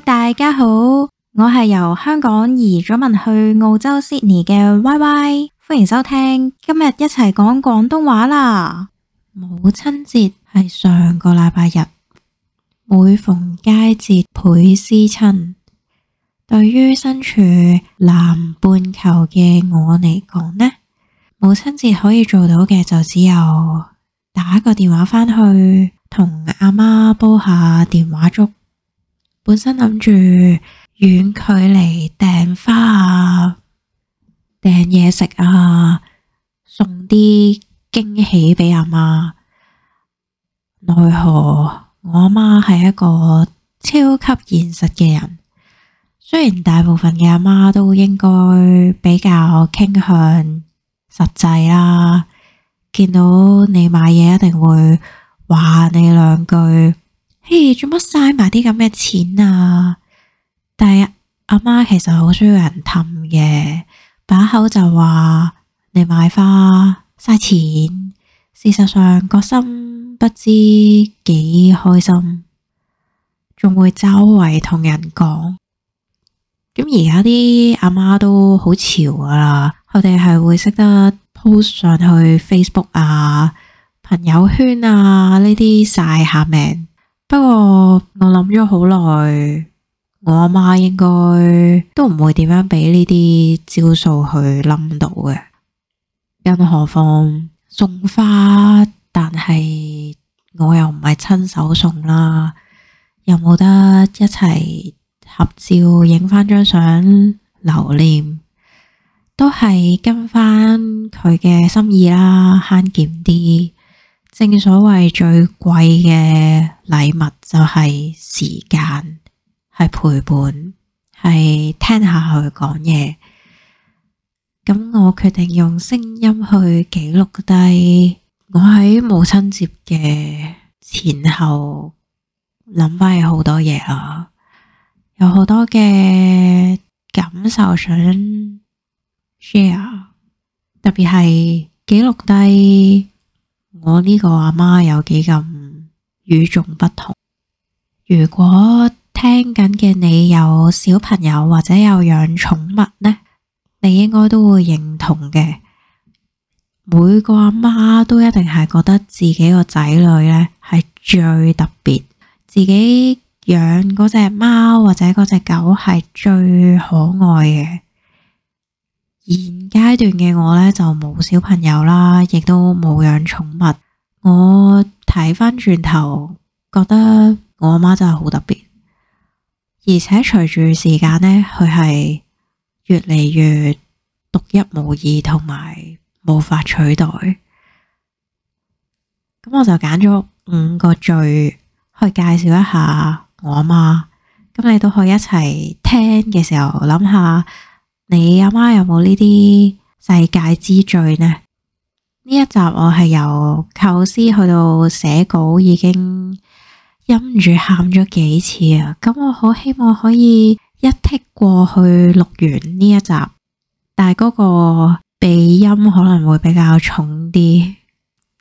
大家好，我係由香港移咗民去澳洲 Sydney 嘅 Y Y，歡迎收聽今日一齊講廣東話啦。母親節係上個禮拜日，每逢佳節倍思親。對於身處南半球嘅我嚟講呢，母親節可以做到嘅就只有打個電話返去同阿媽煲下電話粥。本身諗住遠距離訂花啊，訂嘢食啊，送啲驚喜畀阿媽。奈何我阿媽係一個超級現實嘅人，雖然大部分嘅阿媽都應該比較傾向實際啦，見到你買嘢一定會話你兩句。嘿，做乜嘥埋啲咁嘅錢啊？但係阿媽其實好需要人氹嘅，把口就話你買花嘥錢。事實上個心不知幾開心，仲會周圍同人講。咁而家啲阿媽都好潮噶啦，佢哋係會識得 post 上去 Facebook 啊、朋友圈啊呢啲晒下命。不過我諗咗好耐，我阿媽應該都唔會點樣俾呢啲招數去冧到嘅。更何況送花，但係我又唔係親手送啦，又冇得一齊合照影返張相留念。都係跟返佢嘅心意啦，慳儉啲。正所謂最貴嘅禮物就係時間，係陪伴，係聽下佢講嘢。咁我決定用聲音去記錄低我喺母親節嘅前後諗翻起好多嘢啊，有好多嘅感受想 share，特別係記錄低。我呢個阿媽有幾咁與眾不同？如果聽緊嘅你有小朋友或者有養寵物呢，你應該都會認同嘅。每個阿媽都一定係覺得自己個仔女呢係最特別，自己養嗰隻貓或者嗰隻狗係最可愛嘅。現階段嘅我呢，就冇小朋友啦，亦都冇養寵物。我睇返轉頭，覺得我阿媽真係好特別，而且隨住時間呢，佢係越嚟越獨一無二，同埋無法取代。咁我就揀咗五個最去介紹一下我阿媽，咁你都可以一齊聽嘅時候諗下。想想你阿媽有冇呢啲世界之最呢？呢一集我係由構思去到寫稿，已經忍唔住喊咗幾次啊！咁我好希望可以一剔過去錄完呢一集，但係嗰個鼻音可能會比較重啲。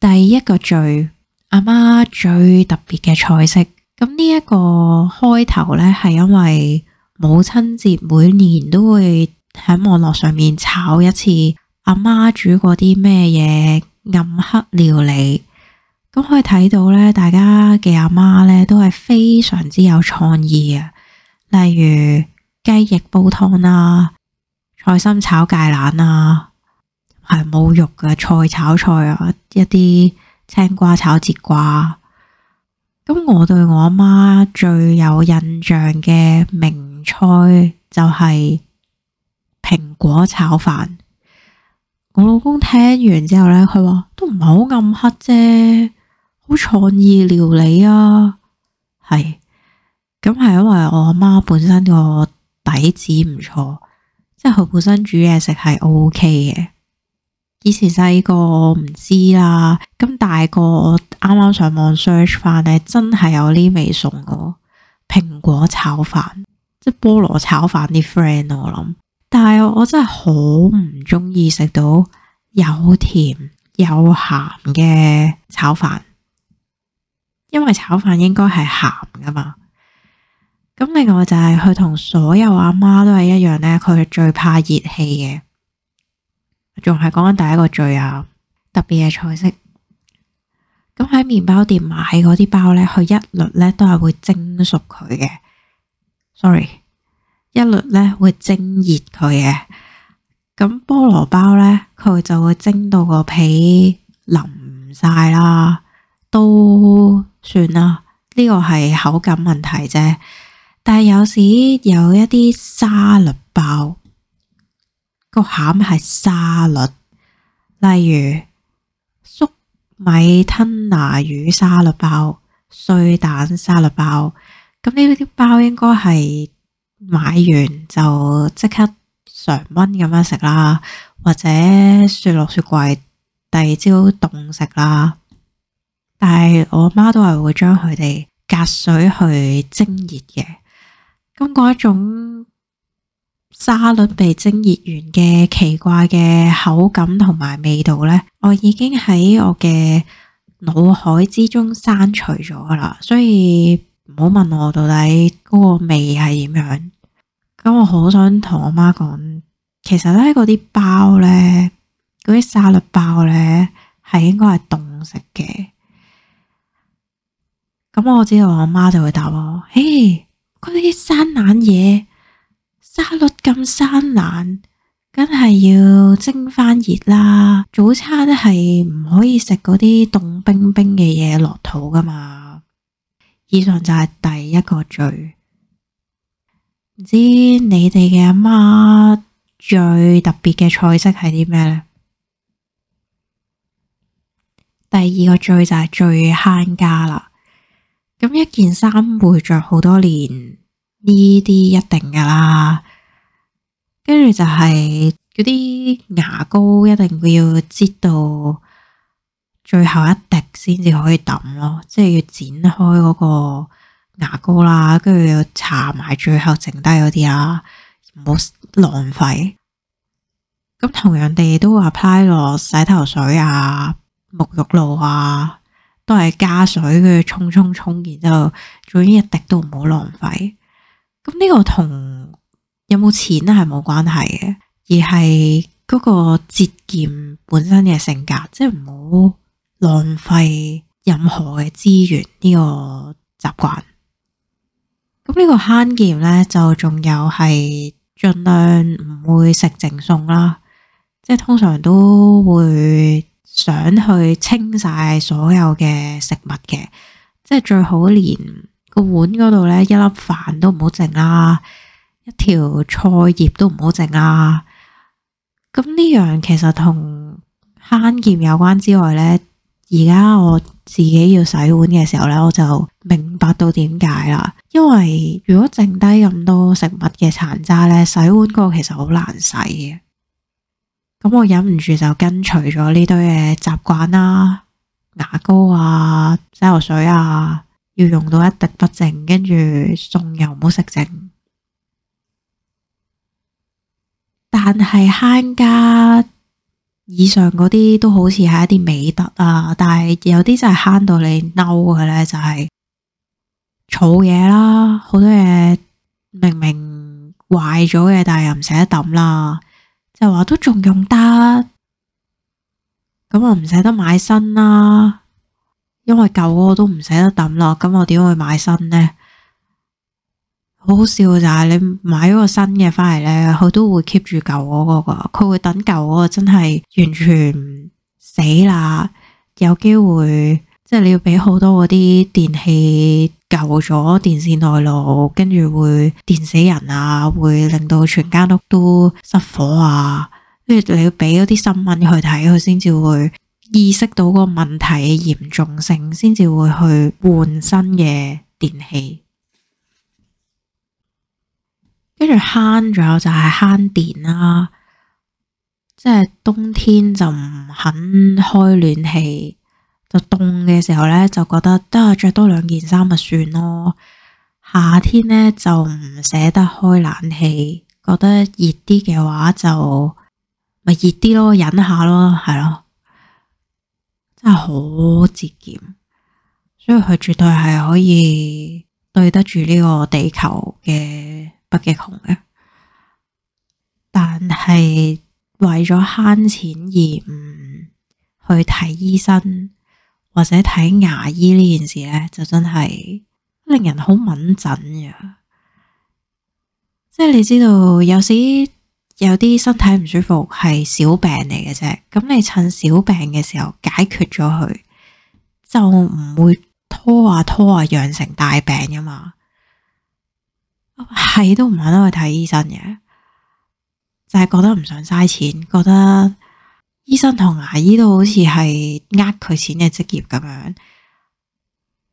第一個最，阿媽最特別嘅菜式。咁呢一個開頭呢，係因為母親節每年都會。喺網絡上面炒一次阿媽煮過啲咩嘢暗黑料理，咁可以睇到呢，大家嘅阿媽呢都係非常之有創意啊。例如雞翼煲湯啦，菜心炒芥蘭啦，係冇肉嘅菜炒菜啊，一啲青瓜炒節瓜。咁我對我阿媽最有印象嘅名菜就係，是。果炒飯，我老公聽完之後呢，佢話都唔係好暗黑啫，好創意料理啊。係咁係因為我阿媽本身個底子唔錯，即係佢本身煮嘢食係 OK 嘅。以前細個我唔知啦，咁大個我啱啱上網 search 翻，呢真係有呢味餸，個蘋果炒飯，即係菠蘿炒飯啲 friend 我諗。但係我真係好唔鍾意食到有甜有咸嘅炒飯，因為炒飯應該係咸噶嘛。咁另外就係佢同所有阿媽都係一樣呢佢係最怕熱氣嘅。仲係講緊第一個最啊，特別嘅菜式。咁喺麵包店買嗰啲包呢，佢一律呢都係會蒸熟佢嘅。Sorry。一律咧，會蒸熱佢嘅。咁菠蘿包咧，佢就會蒸到個皮淋晒啦，都算啦。呢個係口感問題啫。但係有時有一啲沙律包，個餡係沙律，例如粟米吞拿魚沙律包、碎蛋沙律包。咁呢啲包應該係。買完就即刻常温咁樣食啦，或者雪落雪櫃第二朝凍食啦。但係我媽都係會將佢哋隔水去蒸熱嘅。咁嗰一種沙律被蒸熱完嘅奇怪嘅口感同埋味道呢，我已經喺我嘅腦海之中刪除咗噶啦，所以唔好問我到底嗰個味係點樣。咁我好想同我媽講，其實咧嗰啲包咧，嗰啲沙律包咧係應該係凍食嘅。咁我知道我媽就會答我：誒，嗰啲生冷嘢，沙律咁生冷，梗係要蒸翻熱啦。早餐係唔可以食嗰啲凍冰冰嘅嘢落肚噶嘛。以上就係第一個罪。唔知你哋嘅阿媽最特別嘅菜式係啲咩咧？第二個最就係最慳家啦。咁一件衫會着好多年，呢啲一定噶啦。跟住就係嗰啲牙膏，一定要擠到最後一滴先至可以抌咯，即係要剪開嗰個。牙膏啦，跟住要搽埋，最後剩低嗰啲啊，唔好浪費。咁同樣地都話，apply 落洗頭水啊、沐浴露啊，都係加水，佢沖冲沖，然之後總之一滴都唔好浪費。咁呢個同有冇錢係冇關係嘅，而係嗰個節儉本身嘅性格，即係唔好浪費任何嘅資源呢個習慣。咁呢個慳儉呢，就仲有係盡量唔會食剩餸啦，即係通常都會想去清晒所有嘅食物嘅，即係最好連個碗嗰度呢，一粒飯都唔好剩啦，一條菜葉都唔好剩啦。咁呢樣其實同慳儉有關之外呢，而家我自己要洗碗嘅時候呢，我就。明白到點解啦，因為如果剩低咁多食物嘅殘渣呢，洗碗個其實好難洗嘅。咁我忍唔住就跟隨咗呢堆嘅習慣啦，牙膏啊、洗頭水啊，要用到一滴不剩，跟住餸又唔好食剩。但係慳家以上嗰啲都好似係一啲美德啊，但係有啲真係慳到你嬲嘅呢就係、是。儲嘢啦，好多嘢明明壞咗嘅，但係又唔捨得抌啦，就話都仲用得，咁我唔捨得買新啦，因為舊嗰個都唔捨得抌啦，咁我點會買新呢？好好笑就係你買咗個新嘅返嚟咧，佢都會 keep 住舊嗰個，佢會等舊嗰個真係完全死啦，有機會即係、就是、你要畀好多嗰啲電器。舊咗電線外露，跟住會電死人啊！會令到全間屋都失火啊！跟住你要俾嗰啲新聞去睇，佢先至會意識到嗰個問題嘅嚴重性，先至會去換新嘅電器。跟住慳咗就係慳電啦，啊，即係冬天就唔肯開暖氣。就凍嘅時候呢，就覺得得着，啊，多兩件衫咪算咯。夏天呢，就唔捨得開冷氣，覺得熱啲嘅話就咪熱啲咯，忍下咯，係咯。真係好節儉，所以佢絕對係可以對得住呢個地球嘅北極熊嘅。但係為咗慳錢而唔去睇醫生。或者睇牙醫呢件事呢，就真係令人好敏陣嘅。即係你知道，有時有啲身體唔舒服係小病嚟嘅啫。咁你趁小病嘅時候解決咗佢，就唔會拖啊拖啊，養成大病噶嘛。係都唔肯去睇醫生嘅，就係、是、覺得唔想嘥錢，覺得。醫生同牙醫都好似係呃佢錢嘅職業咁樣，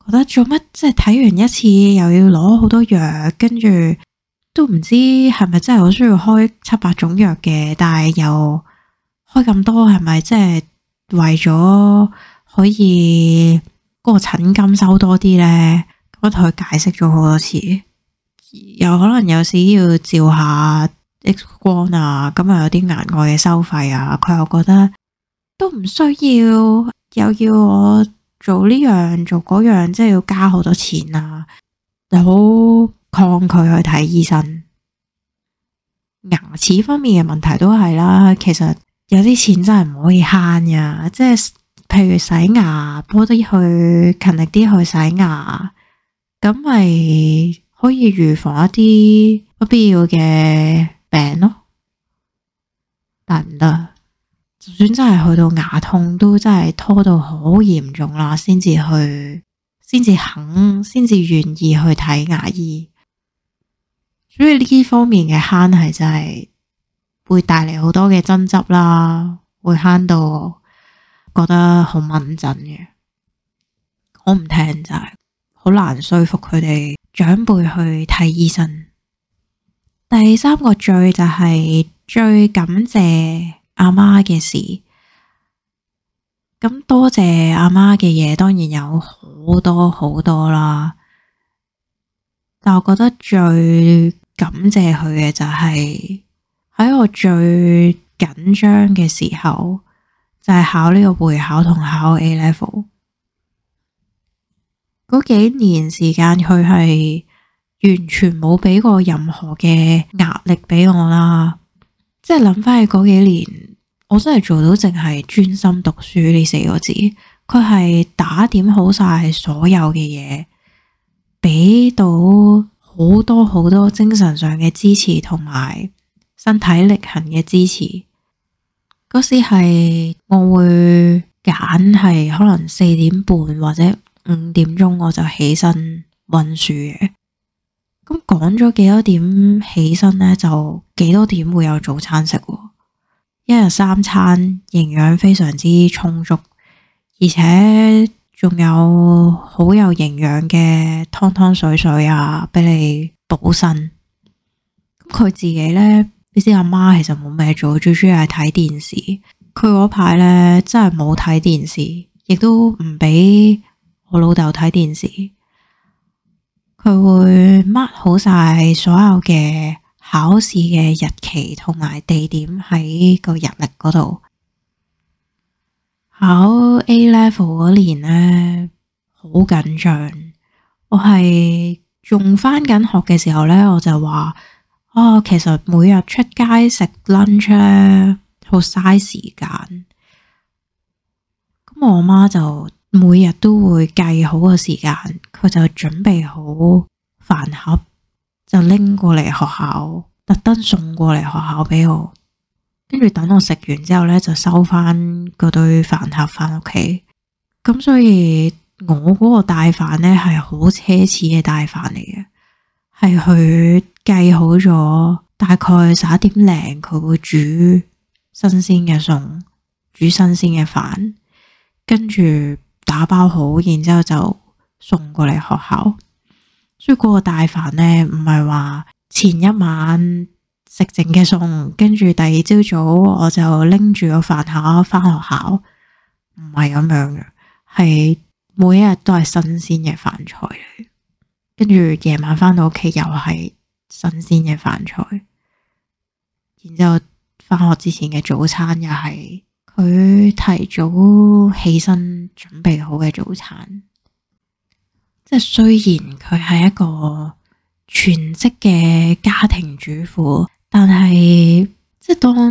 覺得做乜，即係睇完一次又要攞好多藥，跟住都唔知係咪真係好需要開七八種藥嘅，但係又開咁多係咪即係為咗可以嗰個診金收多啲咧？咁我同佢解釋咗好多次，又可能有時要照下。X 光啊，咁啊有啲額外嘅收費啊，佢又覺得都唔需要，又要我做呢樣做嗰樣，即係要加好多錢啊，就好抗拒去睇醫生。牙齒方面嘅問題都係啦，其實有啲錢真係唔可以慳啊。即係譬如洗牙，多啲去勤力啲去洗牙，咁咪可以預防一啲不必要嘅。病咯，但唔得。就算真係去到牙痛，都真係拖到好嚴重啦，先至去，先至肯，先至願意去睇牙醫。所以呢啲方面嘅慳係真係會帶嚟好多嘅爭執啦，會慳到覺得好敏感嘅。我唔聽就係、是、好難說服佢哋長輩去睇醫生。第三個最就係最感謝阿媽嘅事，咁多謝阿媽嘅嘢，當然有好多好多啦。但我覺得最感謝佢嘅就係喺我最緊張嘅時候，就係、是、考呢個會考同考 A level 嗰幾年時間，佢係。完全冇俾過任何嘅壓力俾我啦，即係諗翻起嗰幾年，我真係做到淨係專心讀書呢四個字。佢係打點好晒所有嘅嘢，俾到好多好多精神上嘅支持，同埋身體力行嘅支持。嗰時係我會揀係可能四點半或者五點鐘，我就起身溫書嘅。咁講咗幾多點起身呢？就幾多點會有早餐食，一日三餐營養非常之充足，而且仲有好有營養嘅湯湯水水啊，俾你補身。佢自己呢，你知阿媽其實冇咩做，最中意係睇電視。佢嗰排呢，真係冇睇電視，亦都唔俾我老豆睇電視。佢會 mark 好晒所有嘅考試嘅日期同埋地點喺個日曆嗰度。考 A level 嗰年呢，好緊張，我係仲返緊學嘅時候呢，我就話，啊、哦，其實每日出街食 lunch 咧好嘥時間。咁我媽就每日都會計好個時間。佢就準備好飯盒，就拎過嚟學校，特登送過嚟學校俾我，跟住等我食完之後呢，就收翻嗰堆飯盒翻屋企。咁所以，我嗰個帶飯呢，係好奢侈嘅帶飯嚟嘅，係佢計好咗大概十一點零，佢會煮新鮮嘅餸，煮新鮮嘅飯，跟住打包好，然之後就。送過嚟學校，所以嗰個大飯咧，唔係話前一晚食剩嘅餸，跟住第二朝早我就拎住個飯盒翻學校，唔係咁樣嘅，係每一日都係新鮮嘅飯菜嚟，跟住夜晚翻到屋企又係新鮮嘅飯菜，然之後翻學之前嘅早餐又係佢提早起身準備好嘅早餐。即係雖然佢係一個全職嘅家庭主婦，但係即係當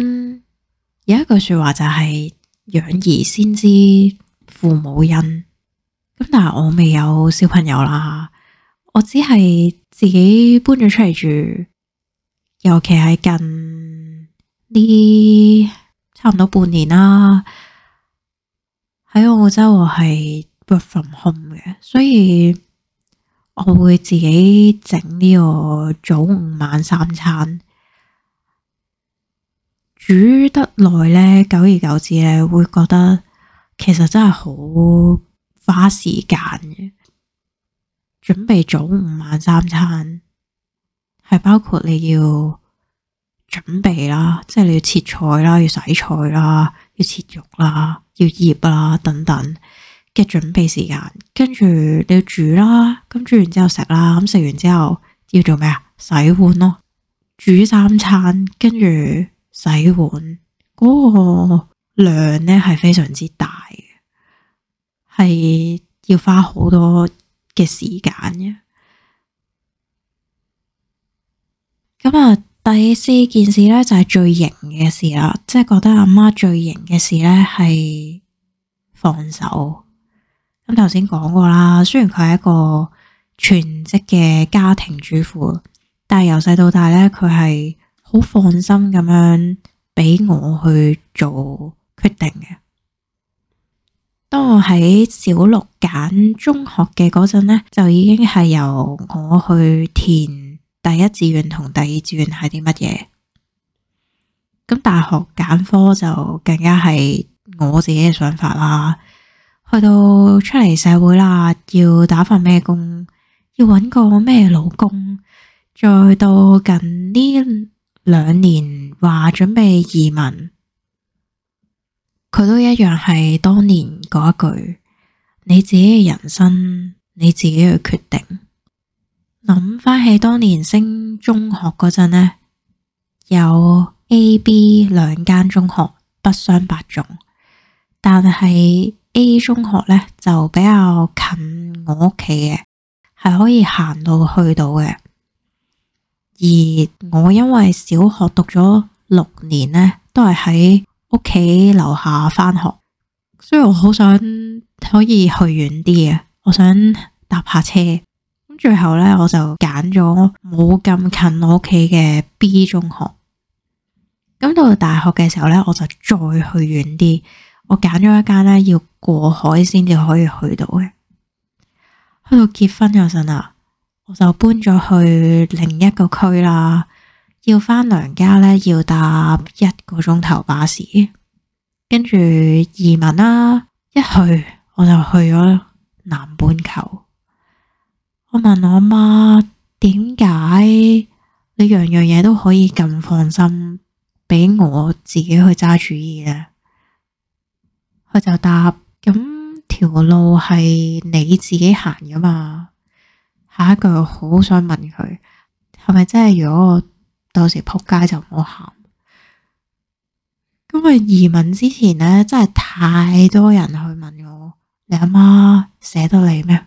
有一句說話就係養兒先知父母恩，咁但係我未有小朋友啦，我只係自己搬咗出嚟住，尤其係近呢差唔多半年啦，喺澳洲我係 work from home 嘅，所以。我會自己整呢個早午晚三餐，煮得耐呢，久而久之呢，會覺得其實真係好花時間嘅。準備早午晚三餐係包括你要準備啦，即係你要切菜啦，要洗菜啦，要切肉啦，要腌啦等等。嘅準備時間，跟住你要煮啦，咁煮完之後食啦，咁食完之後要做咩啊？洗碗咯，煮三餐，跟住洗碗嗰個量咧係非常之大嘅，係要花好多嘅時間嘅。咁啊，第四件事咧就係最型嘅事啦，即係覺得阿媽最型嘅事咧係放手。咁頭先講過啦，雖然佢係一個全職嘅家庭主婦，但係由細到大咧，佢係好放心咁樣俾我去做決定嘅。當我喺小六揀中學嘅嗰陣咧，就已經係由我去填第一志願同第二志願，係啲乜嘢。咁大學揀科就更加係我自己嘅想法啦。去到出嚟社會啦，要打份咩工，要搵個咩老公，再到近呢兩年話準備移民，佢都一樣係當年嗰一句：你自己嘅人生，你自己嘅決定。諗翻起當年升中學嗰陣呢，有 A、B 兩間中學，不相伯仲，但係。A 中學呢，就比較近我屋企嘅，係可以行到去到嘅。而我因為小學讀咗六年呢，都係喺屋企樓下翻學，所以我好想可以去遠啲啊！我想搭下車。咁最後呢，我就揀咗冇咁近我屋企嘅 B 中學。咁到大學嘅時候呢，我就再去遠啲。我揀咗一間咧，要過海先至可以去到嘅。去到結婚嗰陣啊，我就搬咗去另一個區啦。要返娘家咧，要搭一個鐘頭巴士。跟住移民啦，一去我就去咗南半球。我問我媽，點解你樣樣嘢都可以咁放心，俾我自己去揸主意咧？佢就答：咁條路係你自己行噶嘛。下一句好想問佢，係咪真係如果我到時仆街就唔好喊？咁佢移民之前呢，真係太多人去問我，你阿媽捨得你咩？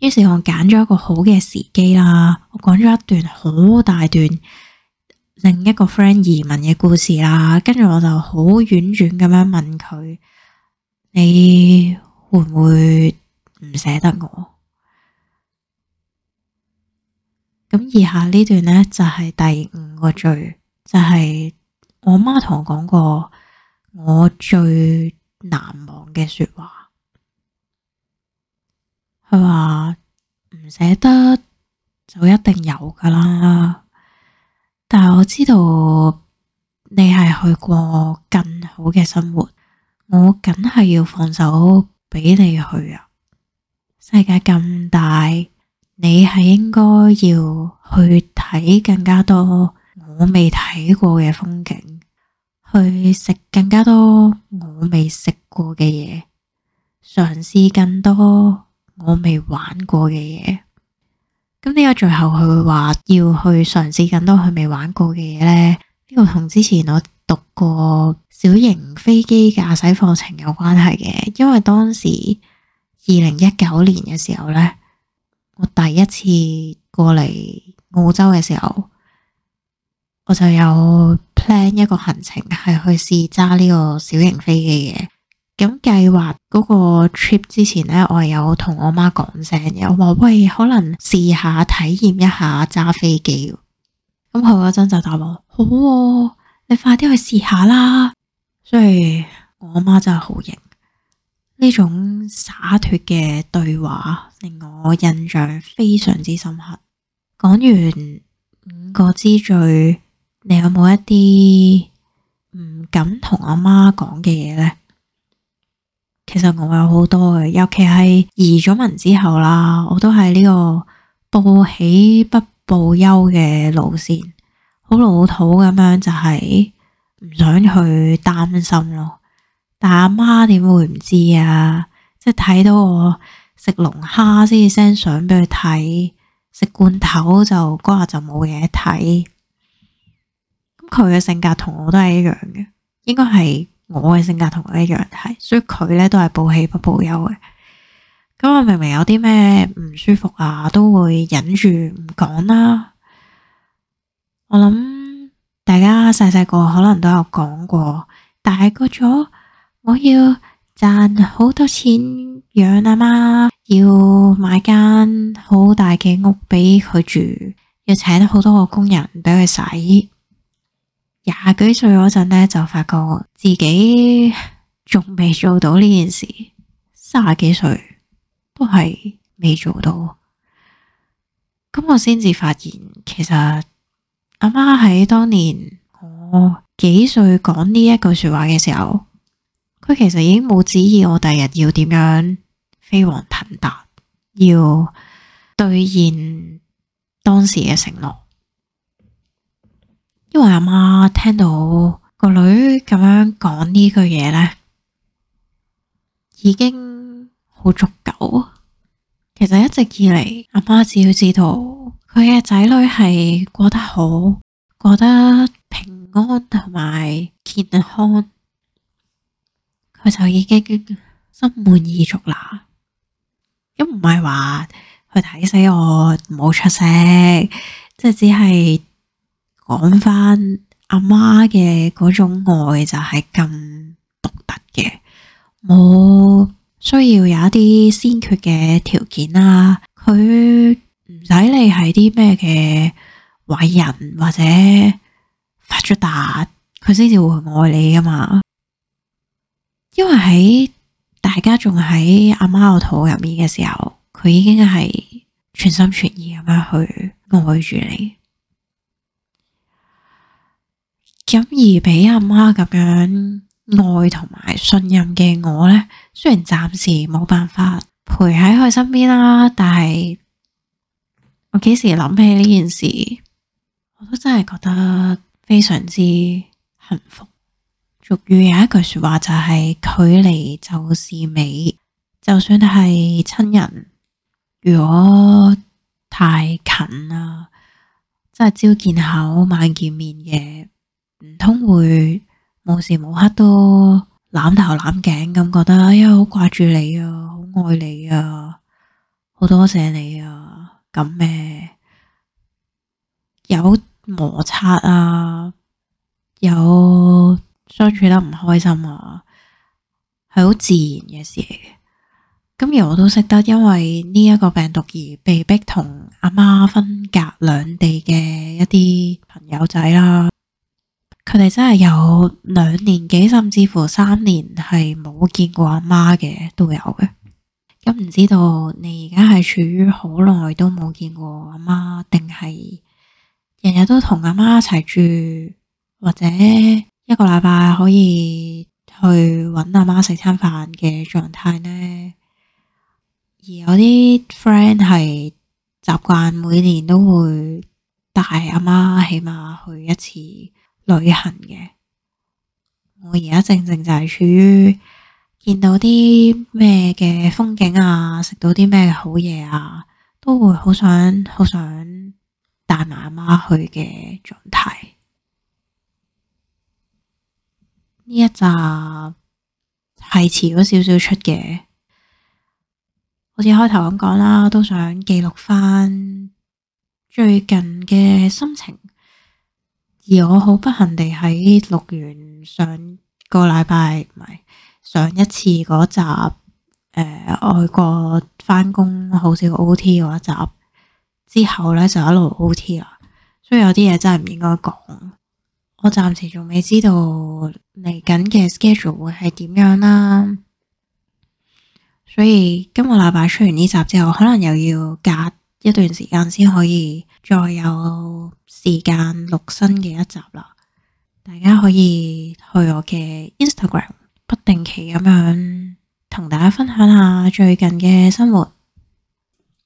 於是我揀咗一個好嘅時機啦，我講咗一段好大段。另一個 friend 移民嘅故事啦，跟住我就好婉轉咁樣問佢：你會唔會唔捨得我？咁以下呢段咧就係第五個最，就係、是、我媽同我講過我最難忘嘅說話，佢話唔捨得就一定有噶啦。但我知道你係去過更好嘅生活，我梗係要放手俾你去啊！世界咁大，你係應該要去睇更加多我未睇過嘅風景，去食更加多我未食過嘅嘢，嘗試更多我未玩過嘅嘢。咁呢個最後佢會話要去嘗試更多佢未玩過嘅嘢呢，呢個同之前我讀過小型飛機駕駛課程有關係嘅。因為當時二零一九年嘅時候咧，我第一次過嚟澳洲嘅時候，我就有 plan 一個行程係去試揸呢個小型飛機嘅。咁計劃嗰個 trip 之前呢，我有同我媽講聲嘅，我話喂，可能試下體驗一下揸飛機。咁佢嗰陣就答我好啊，你快啲去試下啦。所以我阿媽真係好型，呢種灑脫嘅對話令我印象非常之深刻。講完五個之最，你有冇一啲唔敢同阿媽講嘅嘢呢？其實我有好多嘅，尤其係移咗民之後啦，我都係呢個報喜不報憂嘅路線，好老土咁樣就係、是、唔想去擔心咯。但阿媽點會唔知啊？即係睇到我食龍蝦先至 send 相俾佢睇，食罐頭就嗰日就冇嘢睇。咁佢嘅性格同我都係一樣嘅，應該係。我嘅性格同佢一樣係，所以佢咧都係報喜不報憂嘅。咁我明明有啲咩唔舒服啊，都會忍住唔講啦。我諗大家細細個可能都有講過，大個咗，我要賺好多錢養阿媽，要買間好大嘅屋俾佢住，要請好多個工人俾佢洗。廿幾歲嗰陣咧，就發覺自己仲未做到呢件事。三十幾歲都係未做到，咁我先至發現，其實阿媽喺當年我幾歲講呢一句說話嘅時候，佢其實已經冇旨意我第日要點樣飛黃騰達，要兌現當時嘅承諾。因為阿媽聽到個女咁樣講呢句嘢咧，已經好足夠。其實一直以嚟，阿媽只要知道佢嘅仔女係過得好、過得平安同埋健康，佢就已經心滿意足啦。咁唔係話佢睇死我冇出息，即係只係。講翻阿媽嘅嗰種愛就係咁獨特嘅，冇需要有一啲先決嘅條件啦。佢唔使你係啲咩嘅偉人或者發咗達，佢先至會愛你噶嘛。因為喺大家仲喺阿媽個肚入面嘅時候，佢已經係全心全意咁樣去愛住你。咁而俾阿媽咁樣愛同埋信任嘅我呢，雖然暫時冇辦法陪喺佢身邊啦，但係我幾時諗起呢件事，我都真係覺得非常之幸福。俗語有一句說話就係、是、距離就是美，就算係親人，如果太近啦，真係朝見口晚見面嘅。唔通會無時無刻都攬頭攬頸咁，覺得哎呀，好掛住你啊，好愛你啊，好多謝你啊。咁、嗯、咩？有摩擦啊，有相處得唔開心啊，係好自然嘅事嚟、啊、嘅。今日我都識得，因為呢一個病毒而被逼同阿媽分隔兩地嘅一啲朋友仔啦。佢哋真係有兩年幾，甚至乎三年係冇見過阿媽嘅都有嘅。咁唔知道你而家係處於好耐都冇見過阿媽，定係日日都同阿媽一齊住，或者一個禮拜可以去搵阿媽食餐飯嘅狀態呢？而有啲 friend 係習慣每年都會帶阿媽起碼去一次。旅行嘅，我而家正正就係處於見到啲咩嘅風景啊，食到啲咩好嘢啊，都會好想好想帶媽媽去嘅狀態。呢一集係遲咗少少出嘅，好似開頭咁講啦，都想記錄翻最近嘅心情。而我好不幸地喺錄完上，上個禮拜，唔係上一次嗰集，誒、呃，外國翻工好少 O T 嗰一集之後咧，就一路 O T 啦。所以有啲嘢真係唔應該講。我暫時仲未知道嚟緊嘅 schedule 會係點樣啦。所以今個禮拜出完呢集之後，可能又要隔。一段時間先可以再有時間錄新嘅一集啦，大家可以去我嘅 Instagram，不定期咁樣同大家分享下最近嘅生活。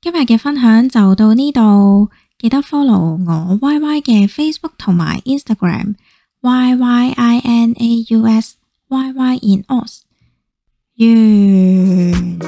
今日嘅分享就到呢度，記得 follow 我 Y Y 嘅 Facebook 同埋 Instagram Y Y I N A U S Y Y In Aus。嗯。